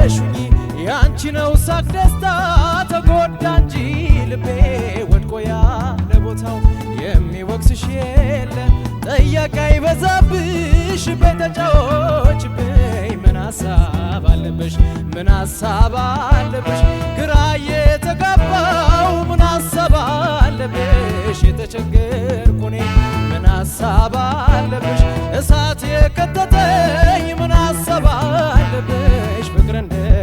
ያለሽኝ ያንቺ ነው ሳቅ ደስታ ተጎዳ እንጂ ልቤ ወድቆ ያለ ቦታው የሚወቅስሽ የለ ጠያቂ ይበዛብሽ በተጫዎች በይ ምን ሀሳብ አለበሽ ምን ሀሳብ አለበሽ ግራ የተጋባው ምን ሀሳብ አለበሽ የተቸገርኩ ምን ሀሳብ አለበሽ እሳት የከተተኝ ምን ሀሳብ አለበሽ tenderness.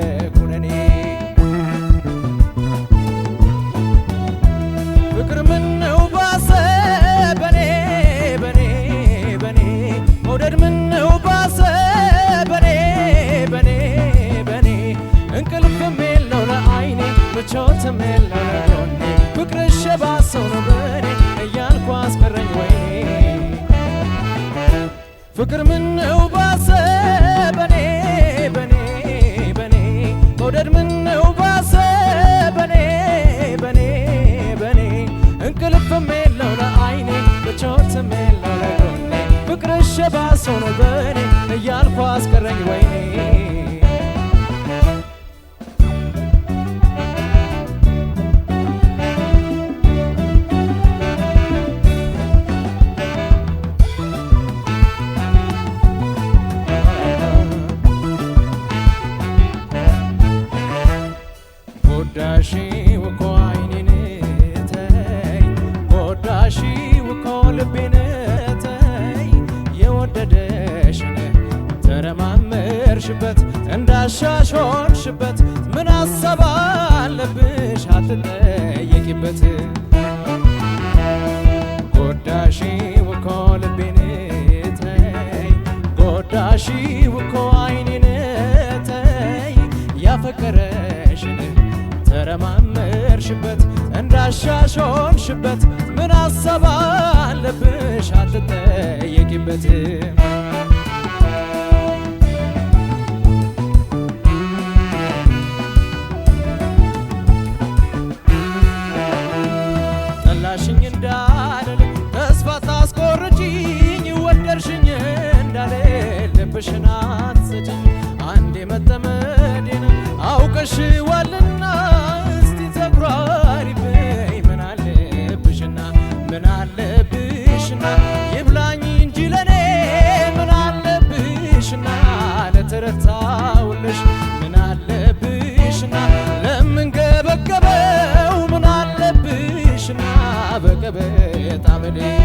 dream. it is.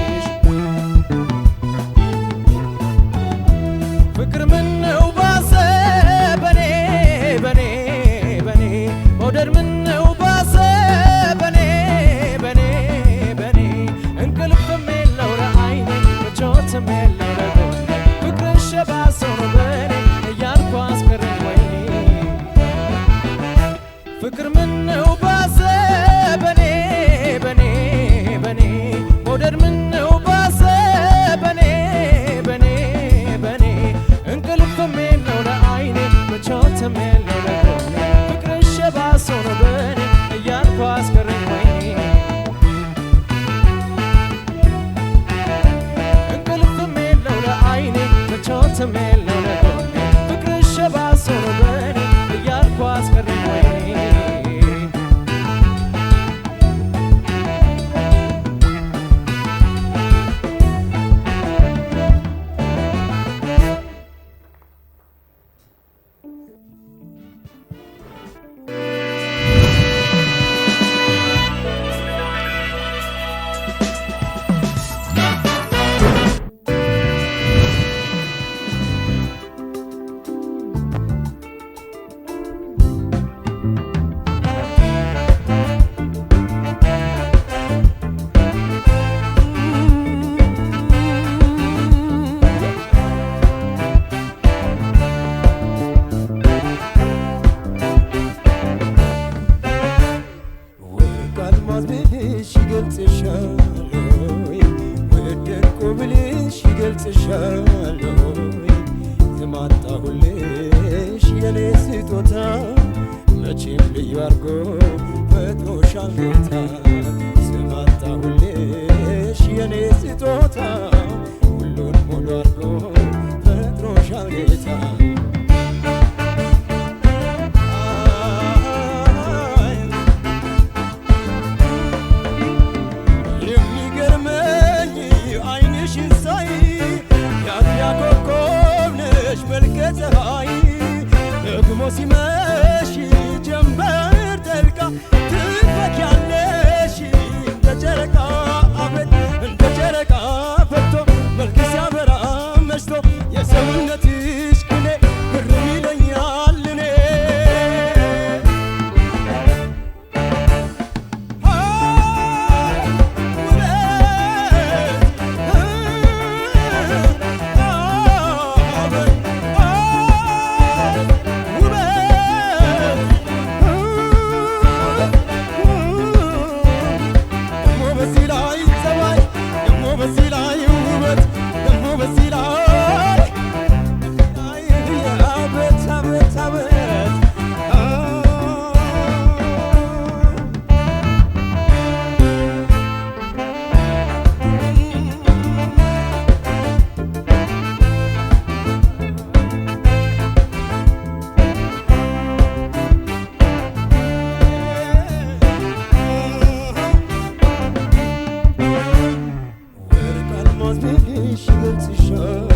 She sugar to sugar.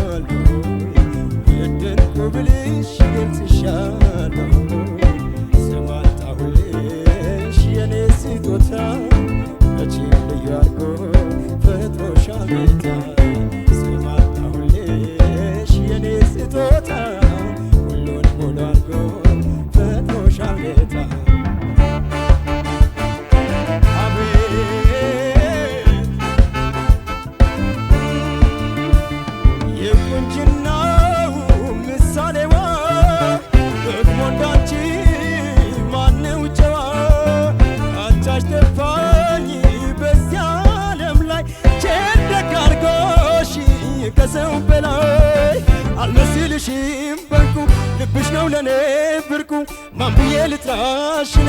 ልጥራሽ እኔ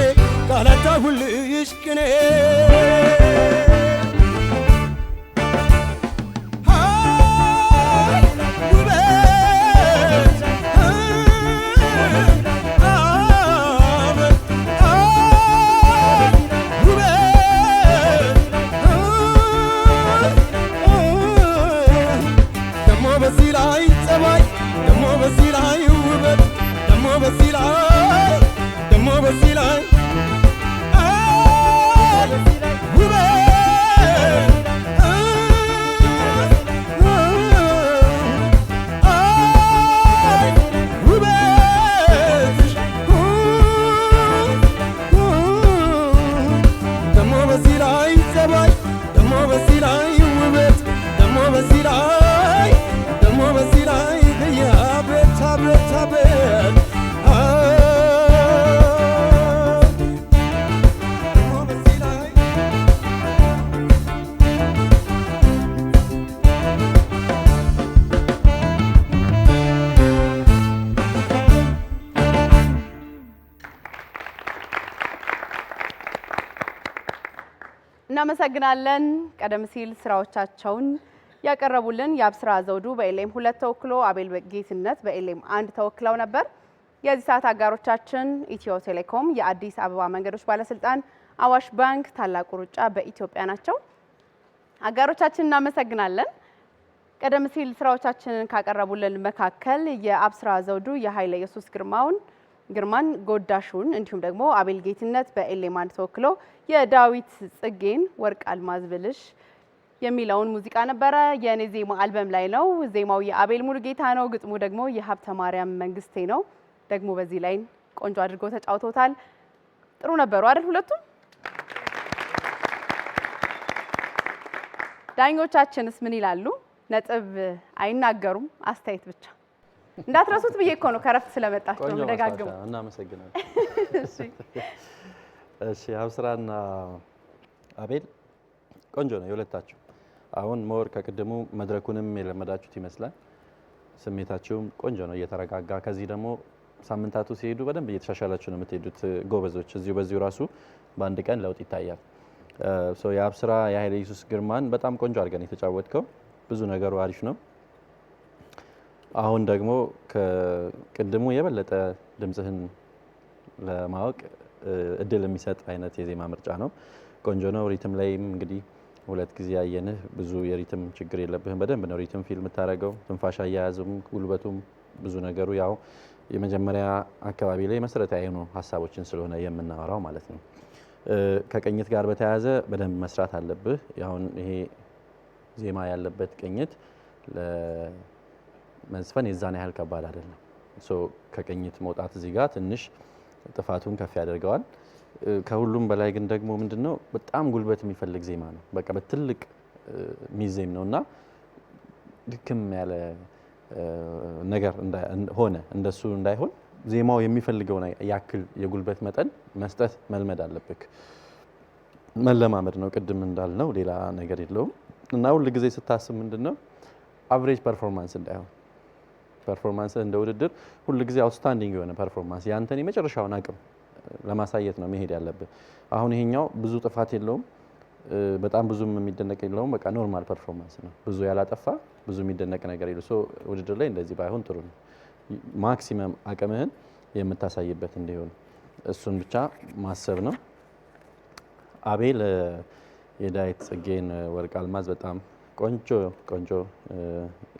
ቃላታ ሁልሽ ቅኔ እናመሰግናለን። ቀደም ሲል ስራዎቻቸውን ያቀረቡልን የአብስራ ዘውዱ በኤልኤም ሁለት ተወክሎ አቤል ጌትነት በኤልኤም አንድ ተወክለው ነበር። የዚህ ሰዓት አጋሮቻችን ኢትዮ ቴሌኮም፣ የአዲስ አበባ መንገዶች ባለስልጣን፣ አዋሽ ባንክ፣ ታላቁ ሩጫ በኢትዮጵያ ናቸው። አጋሮቻችን እናመሰግናለን። ቀደም ሲል ስራዎቻችንን ካቀረቡልን መካከል የአብስራ ዘውዱ የኃይለ ኢየሱስ ግርማውን ግርማን ጎዳሹን እንዲሁም ደግሞ አቤል ጌትነት በኤሌማንድ ተወክሎ የዳዊት ጽጌን ወርቅ አልማዝ ብልሽ የሚለውን ሙዚቃ ነበረ። የእኔ ዜማ አልበም ላይ ነው። ዜማው የአቤል ጌታ ነው። ግጥሙ ደግሞ የሀብተ ማርያም መንግስቴ ነው። ደግሞ በዚህ ላይ ቆንጆ አድርጎ ተጫውቶታል። ጥሩ ነበሩ አይደል? ሁለቱም ዳኞቻችንስ ምን ይላሉ? ነጥብ አይናገሩም፣ አስተያየት ብቻ እንዳትረሱት ብዬ እኮ ነው ከረፍት ስለመጣችሁ ነው እናመሰግናለን። እሺ አብስራና አቤል ቆንጆ ነው የሁለታችሁ። አሁን ሞር ከቅድሙ መድረኩንም የለመዳችሁት ይመስላል። ስሜታችሁም ቆንጆ ነው፣ እየተረጋጋ ከዚህ ደግሞ ሳምንታቱ ሲሄዱ በደንብ እየተሻሻላችሁ ነው የምትሄዱት። ጎበዞች፣ እዚሁ በዚሁ ራሱ በአንድ ቀን ለውጥ ይታያል። የአብስራ የኃይለ ኢየሱስ ግርማን በጣም ቆንጆ አድርገን የተጫወትከው ብዙ ነገሩ አሪፍ ነው። አሁን ደግሞ ከቅድሙ የበለጠ ድምፅህን ለማወቅ እድል የሚሰጥ አይነት የዜማ ምርጫ ነው። ቆንጆ ነው። ሪትም ላይም እንግዲህ ሁለት ጊዜ ያየንህ ብዙ የሪትም ችግር የለብህም። በደንብ ነው ሪትም ፊልም የምታደርገው። ትንፋሽ አያያዝም፣ ጉልበቱም ብዙ ነገሩ ያው የመጀመሪያ አካባቢ ላይ መሰረታዊ የሆኑ ሀሳቦችን ስለሆነ የምናወራው ማለት ነው። ከቅኝት ጋር በተያያዘ በደንብ መስራት አለብህ። አሁን ይሄ ዜማ ያለበት ቅኝት መዝፈን የዛን ያህል ከባድ አይደለም። ከቅኝት መውጣት እዚህ ጋር ትንሽ ጥፋቱን ከፍ ያደርገዋል። ከሁሉም በላይ ግን ደግሞ ምንድን ነው በጣም ጉልበት የሚፈልግ ዜማ ነው። በቃ በትልቅ ሚዜም ነው እና ድክም ያለ ነገር ሆነ እንደሱ እንዳይሆን ዜማው የሚፈልገውን ያክል የጉልበት መጠን መስጠት መልመድ አለብክ። መለማመድ ነው ቅድም እንዳልነው ሌላ ነገር የለውም። እና ሁል ጊዜ ስታስብ ምንድን ነው አቨሬጅ ፐርፎርማንስ እንዳይሆን ፐርፎርማንስ እንደ ውድድር ሁልጊዜ አውትስታንዲንግ የሆነ ፐርፎርማንስ ያንተን የመጨረሻውን አቅም ለማሳየት ነው መሄድ ያለብህ። አሁን ይሄኛው ብዙ ጥፋት የለውም፣ በጣም ብዙም የሚደነቅ የለውም። በቃ ኖርማል ፐርፎርማንስ ነው። ብዙ ያላጠፋ ብዙ የሚደነቅ ነገር የለ። ውድድር ላይ እንደዚህ ባይሆን ጥሩ ነው። ማክሲመም አቅምህን የምታሳይበት እንዲሆን እሱን ብቻ ማሰብ ነው። አቤል የዳዊት ጽጌን ወርቅ አልማዝ በጣም ቆንጆ ቆንጆ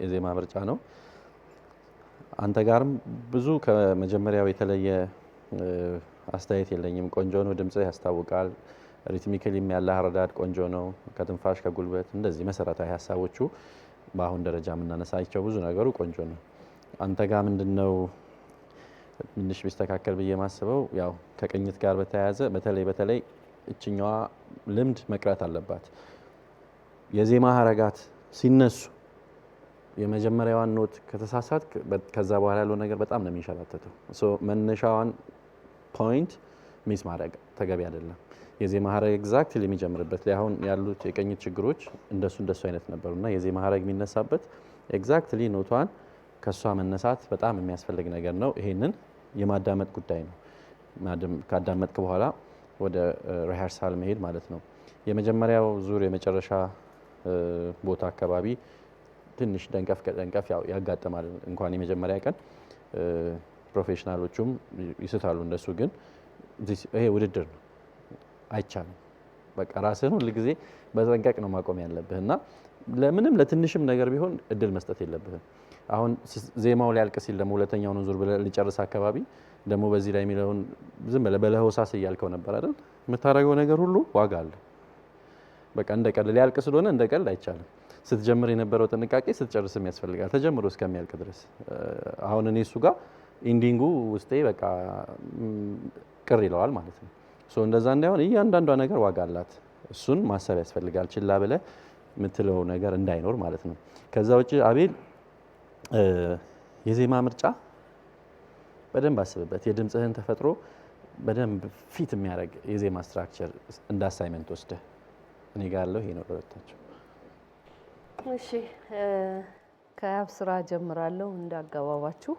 የዜማ ምርጫ ነው። አንተ ጋርም ብዙ ከመጀመሪያው የተለየ አስተያየት የለኝም። ቆንጆ ነው፣ ድምጽህ ያስታውቃል። ሪትሚክሊም ያለ አረዳድ ቆንጆ ነው። ከትንፋሽ ከጉልበት እንደዚህ መሰረታዊ ሀሳቦቹ በአሁን ደረጃ የምናነሳቸው ብዙ ነገሩ ቆንጆ ነው። አንተ ጋ ምንድን ነው ትንሽ ቢስተካከል ብዬ ማስበው ያው ከቅኝት ጋር በተያያዘ በተለይ በተለይ እችኛዋ ልምድ መቅረት አለባት። የዜማ ሀረጋት ሲነሱ የመጀመሪያዋን ኖት ከተሳሳት ከዛ በኋላ ያለው ነገር በጣም ነው የሚንሸራተተው። መነሻዋን ፖይንት ሚስ ማድረግ ተገቢ አይደለም። የዜማ ሀረግ ኤግዛክትሊ የሚጀምርበት ላይ አሁን ያሉት የቀኝት ችግሮች እንደሱ እንደሱ አይነት ነበሩ እና የዜማ ሀረግ የሚነሳበት ኤግዛክትሊ ኖቷን ከእሷ መነሳት በጣም የሚያስፈልግ ነገር ነው። ይሄንን የማዳመጥ ጉዳይ ነው። ካዳመጥክ በኋላ ወደ ሪሃርሳል መሄድ ማለት ነው። የመጀመሪያው ዙር የመጨረሻ ቦታ አካባቢ ትንሽ ደንቀፍ ከደንቀፍ ያጋጥማል። እንኳን የመጀመሪያ ቀን ፕሮፌሽናሎቹም ይስታሉ። እንደሱ ግን ይሄ ውድድር ነው፣ አይቻልም። በቃ ራስህን ሁልጊዜ በጠንቀቅ ነው ማቆም ያለብህ እና ለምንም ለትንሽም ነገር ቢሆን እድል መስጠት የለብህም። አሁን ዜማው ሊያልቅ ሲል ደግሞ ሁለተኛውን ዙር ልጨርስ አካባቢ ደግሞ በዚህ ላይ የሚለውን ዝም ብለህ በለሆሳስ እያልከው ነበር አይደል? የምታደርገው ነገር ሁሉ ዋጋ አለ። በቃ እንደ ቀልድ ሊያልቅ ስለሆነ እንደ ቀልድ አይቻልም። ስትጀምር የነበረው ጥንቃቄ ስትጨርስም ያስፈልጋል ተጀምሮ እስከሚያልቅ ድረስ። አሁን እኔ እሱ ጋር ኢንዲንጉ ውስጤ በቃ ቅር ይለዋል ማለት ነው። እንደዛ እንዳይሆን እያንዳንዷ ነገር ዋጋ አላት። እሱን ማሰብ ያስፈልጋል። ችላ ብለ የምትለው ነገር እንዳይኖር ማለት ነው። ከዛ ውጭ አቤል የዜማ ምርጫ በደንብ አስብበት። የድምፅህን ተፈጥሮ በደንብ ፊት የሚያደርግ የዜማ ስትራክቸር እንደ አሳይመንት ወስደህ እኔ ጋር ያለው ይሄ ነው። እሺ ከአብ ስራ ጀምራለሁ። እንዳገባባችሁ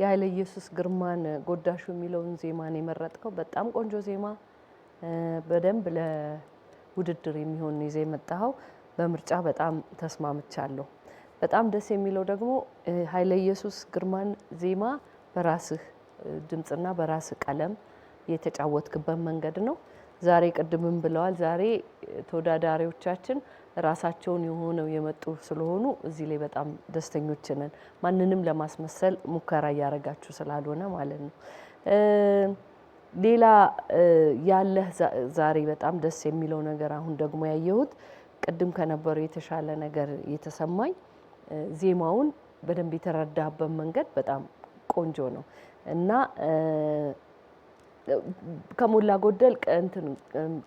የኃይለ ኢየሱስ ግርማን ጎዳሹ የሚለውን ዜማን የመረጥከው በጣም ቆንጆ ዜማ፣ በደንብ ለውድድር የሚሆን ይዘ የመጣኸው በምርጫ በጣም ተስማምቻለሁ። በጣም ደስ የሚለው ደግሞ ኃይለ ኢየሱስ ግርማን ዜማ በራስህ ድምፅና በራስህ ቀለም የተጫወትክበት መንገድ ነው። ዛሬ ቅድምም ብለዋል። ዛሬ ተወዳዳሪዎቻችን ራሳቸውን የሆነው የመጡ ስለሆኑ እዚህ ላይ በጣም ደስተኞች ነን። ማንንም ለማስመሰል ሙከራ እያደረጋችሁ ስላልሆነ ማለት ነው። ሌላ ያለህ ዛሬ በጣም ደስ የሚለው ነገር አሁን ደግሞ ያየሁት ቅድም ከነበረው የተሻለ ነገር የተሰማኝ ዜማውን በደንብ የተረዳህበት መንገድ በጣም ቆንጆ ነው እና ከሞላ ጎደል እንትን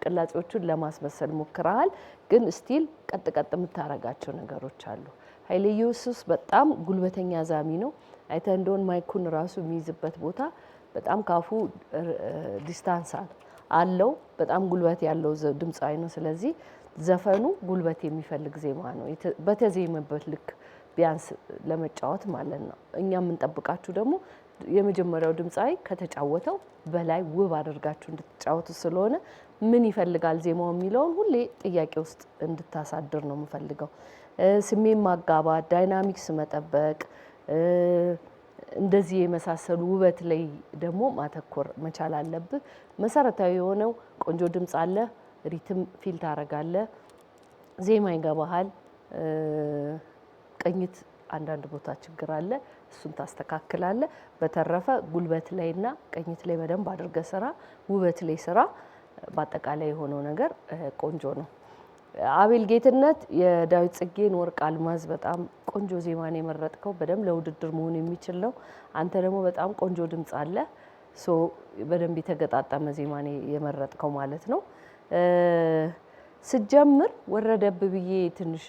ቅላጼዎቹን ለማስመሰል ሞክረሃል፣ ግን ስቲል ቀጥ ቀጥ የምታረጋቸው ነገሮች አሉ። ኃይለ ኢየሱስ በጣም ጉልበተኛ ዛሚ ነው። አይተ እንደሆን ማይኩን ራሱ የሚይዝበት ቦታ በጣም ካፉ ዲስታንስ አለው። በጣም ጉልበት ያለው ድምፃዊ ነው። ስለዚህ ዘፈኑ ጉልበት የሚፈልግ ዜማ ነው። በተዜመበት ልክ ቢያንስ ለመጫወት ማለት ነው። እኛ የምንጠብቃችሁ ደግሞ የመጀመሪያው ድምፃዊ ከተጫወተው በላይ ውብ አድርጋችሁ እንድትጫወቱ ስለሆነ ምን ይፈልጋል ዜማው የሚለውን ሁሌ ጥያቄ ውስጥ እንድታሳድር ነው የምፈልገው። ስሜን ማጋባት፣ ዳይናሚክስ መጠበቅ፣ እንደዚህ የመሳሰሉ ውበት ላይ ደግሞ ማተኮር መቻል አለብህ። መሰረታዊ የሆነው ቆንጆ ድምፅ አለ፣ ሪትም ፊል ታረጋለህ፣ ዜማ ይገባሃል። ቅኝት አንዳንድ ቦታ ችግር አለ። እሱን ታስተካክላለ። በተረፈ ጉልበት ላይና ቀኝት ላይ በደንብ አድርገ ስራ፣ ውበት ላይ ስራ። በአጠቃላይ የሆነው ነገር ቆንጆ ነው። አቤል ጌትነት የዳዊት ጽጌን ወርቅ አልማዝ በጣም ቆንጆ ነው የመረጥከው በደንብ ለውድድር መሆን የሚችል ነው። አንተ ደግሞ በጣም ቆንጆ ድምፅ አለ። ሶ በደንብ የተገጣጠመ ነው የመረጥከው ማለት ነው። ስጀምር ወረደብ ብዬ ትንሽ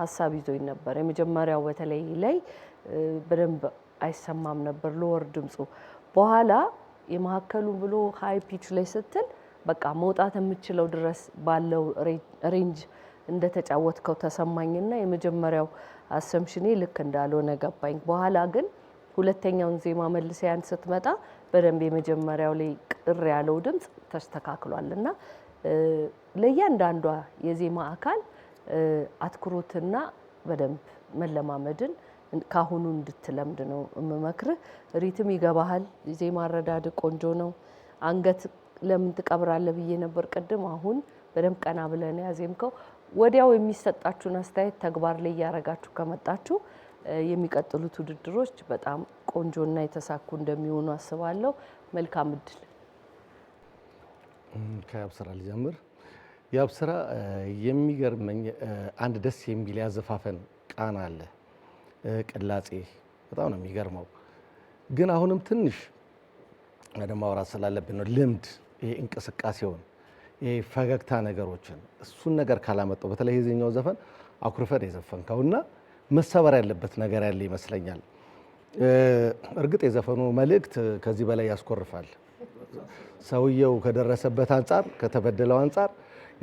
ሀሳብ ይዞኝ ነበር የመጀመሪያው በተለይ ላይ በደንብ አይሰማም ነበር ሎወር ድምፁ። በኋላ የመሀከሉን ብሎ ሀይ ፒች ላይ ስትል በቃ መውጣት የምችለው ድረስ ባለው ሬንጅ እንደተጫወትከው ተሰማኝና የመጀመሪያው አሰምሽኔ ልክ እንዳልሆነ ገባኝ። በኋላ ግን ሁለተኛውን ዜማ መልስ ያን ስትመጣ በደንብ የመጀመሪያው ላይ ቅር ያለው ድምፅ ተስተካክሏል እና ለእያንዳንዷ የዜማ አካል አትኩሮትና በደንብ መለማመድን ካሁኑ እንድትለምድ ነው የምመክርህ። ሪትም ይገባሃል፣ ዜማ አረዳድ ቆንጆ ነው። አንገት ለምን ትቀብራለህ ብዬ ነበር ቅድም። አሁን በደንብ ቀና ብለን ያዜምከው። ወዲያው የሚሰጣችሁን አስተያየት ተግባር ላይ እያረጋችሁ ከመጣችሁ የሚቀጥሉት ውድድሮች በጣም ቆንጆና የተሳኩ እንደሚሆኑ አስባለሁ። መልካም እድል። ከአብስራ ልጀምር። የአብስራ የሚገርመኝ አንድ ደስ የሚል ያዘፋፈን ቃና አለ ቅላጼ በጣም ነው የሚገርመው። ግን አሁንም ትንሽ ደግሞ ማውራት ስላለብን ነው ልምድ፣ ይሄ እንቅስቃሴውን፣ ይሄ ፈገግታ ነገሮችን እሱን ነገር ካላመጣው በተለይ የዚህኛው ዘፈን አኩርፈን የዘፈንከውና መሰበር ያለበት ነገር ያለ ይመስለኛል። እርግጥ የዘፈኑ መልእክት ከዚህ በላይ ያስኮርፋል። ሰውየው ከደረሰበት አንጻር ከተበደለው አንጻር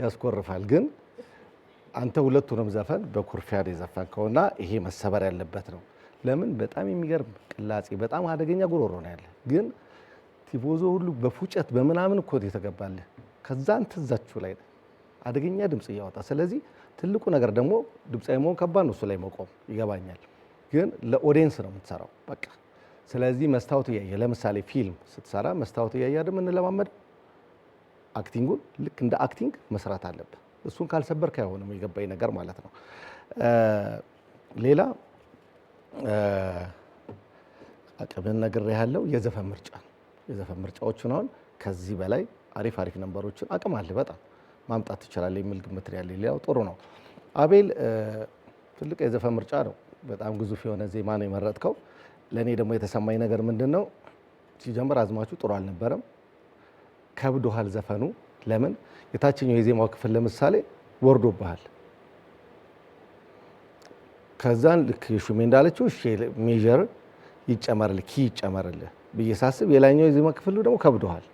ያስኮርፋል ግን አንተ ሁለቱንም ዘፈን በኩርፊያ የዘፈንከው እና ይሄ መሰበር ያለበት ነው። ለምን በጣም የሚገርም ቅላጼ፣ በጣም አደገኛ ጉሮሮ ነው ያለ። ግን ቲፎዞ ሁሉ በፉጨት በምናምን እኮ የተገባለ ከዛ አንተ ላይ አደገኛ ድምፅ እያወጣ ስለዚህ ትልቁ ነገር ደግሞ ድምፃዊ መሆን ከባድ ነው። እሱ ላይ መቆም ይገባኛል፣ ግን ለኦዲየንስ ነው የምትሰራው በቃ። ስለዚህ መስታወት እያየ ለምሳሌ ፊልም ስትሰራ መስታወት እያየ አይደል የምንለማመድ አክቲንጉን ልክ እንደ አክቲንግ መስራት አለበት። እሱን ካልሰበርክ አይሆንም። የገባኝ ነገር ማለት ነው። ሌላ አቅምን ነገር ያለው የዘፈን ምርጫ የዘፈን ምርጫዎችን አሁን ከዚህ በላይ አሪፍ አሪፍ ነንበሮችን አቅም አለ በጣም ማምጣት ትችላለህ የሚል ግምት ያለ ሌላው ጥሩ ነው። አቤል ትልቅ የዘፈን ምርጫ ነው። በጣም ግዙፍ የሆነ ዜማ ነው የመረጥከው። ለእኔ ደግሞ የተሰማኝ ነገር ምንድን ነው ሲጀምር አዝማቹ ጥሩ አልነበረም። ከብዶሃል ዘፈኑ ለምን የታችኛው የዜማው ክፍል ለምሳሌ ወርዶብሃል። ከዛን ልክ ሹሜ እንዳለችው ሜዥር ይጨመርል ኪ ይጨመርል ብዬ ሳስብ የላይኛው የዜማ ክፍል ደግሞ ከብዶሃል።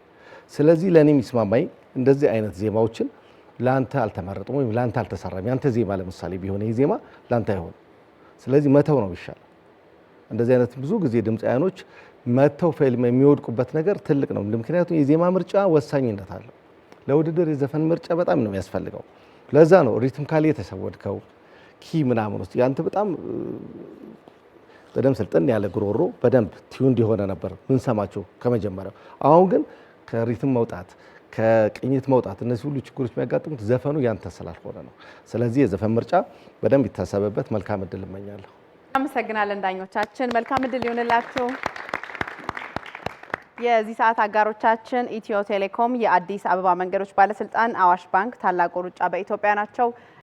ስለዚህ ለእኔ የሚስማማኝ እንደዚህ አይነት ዜማዎችን ለአንተ አልተመረጥም ወይም ለአንተ አልተሰራም። ያንተ ዜማ ለምሳሌ ቢሆን ይህ ዜማ ለአንተ አይሆን። ስለዚህ መተው ነው ይሻል። እንደዚህ አይነት ብዙ ጊዜ ድምፃውያኖች መተው ፌልም የሚወድቁበት ነገር ትልቅ ነው። ምክንያቱም የዜማ ምርጫ ወሳኝነት አለው። ለውድድር የዘፈን ምርጫ በጣም ነው የሚያስፈልገው። ለዛ ነው ሪትም ካል የተሰወድከው ኪ ምናምን ውስጥ ያንተ በጣም በደንብ ስልጥን ያለ ጉሮሮ በደንብ ቲዩን የሆነ ነበር ምንሰማቸው ከመጀመሪያው። አሁን ግን ከሪትም መውጣት ከቅኝት መውጣት እነዚህ ሁሉ ችግሮች የሚያጋጥሙት ዘፈኑ ያንተ ስላልሆነ ነው። ስለዚህ የዘፈን ምርጫ በደንብ ይታሰብበት። መልካም እድል እመኛለሁ። አመሰግናለን ዳኞቻችን። መልካም እድል ይሆንላችሁ። የዚህ ሰዓት አጋሮቻችን ኢትዮ ቴሌኮም፣ የአዲስ አበባ መንገዶች ባለስልጣን፣ አዋሽ ባንክ፣ ታላቁ ሩጫ በኢትዮጵያ ናቸው።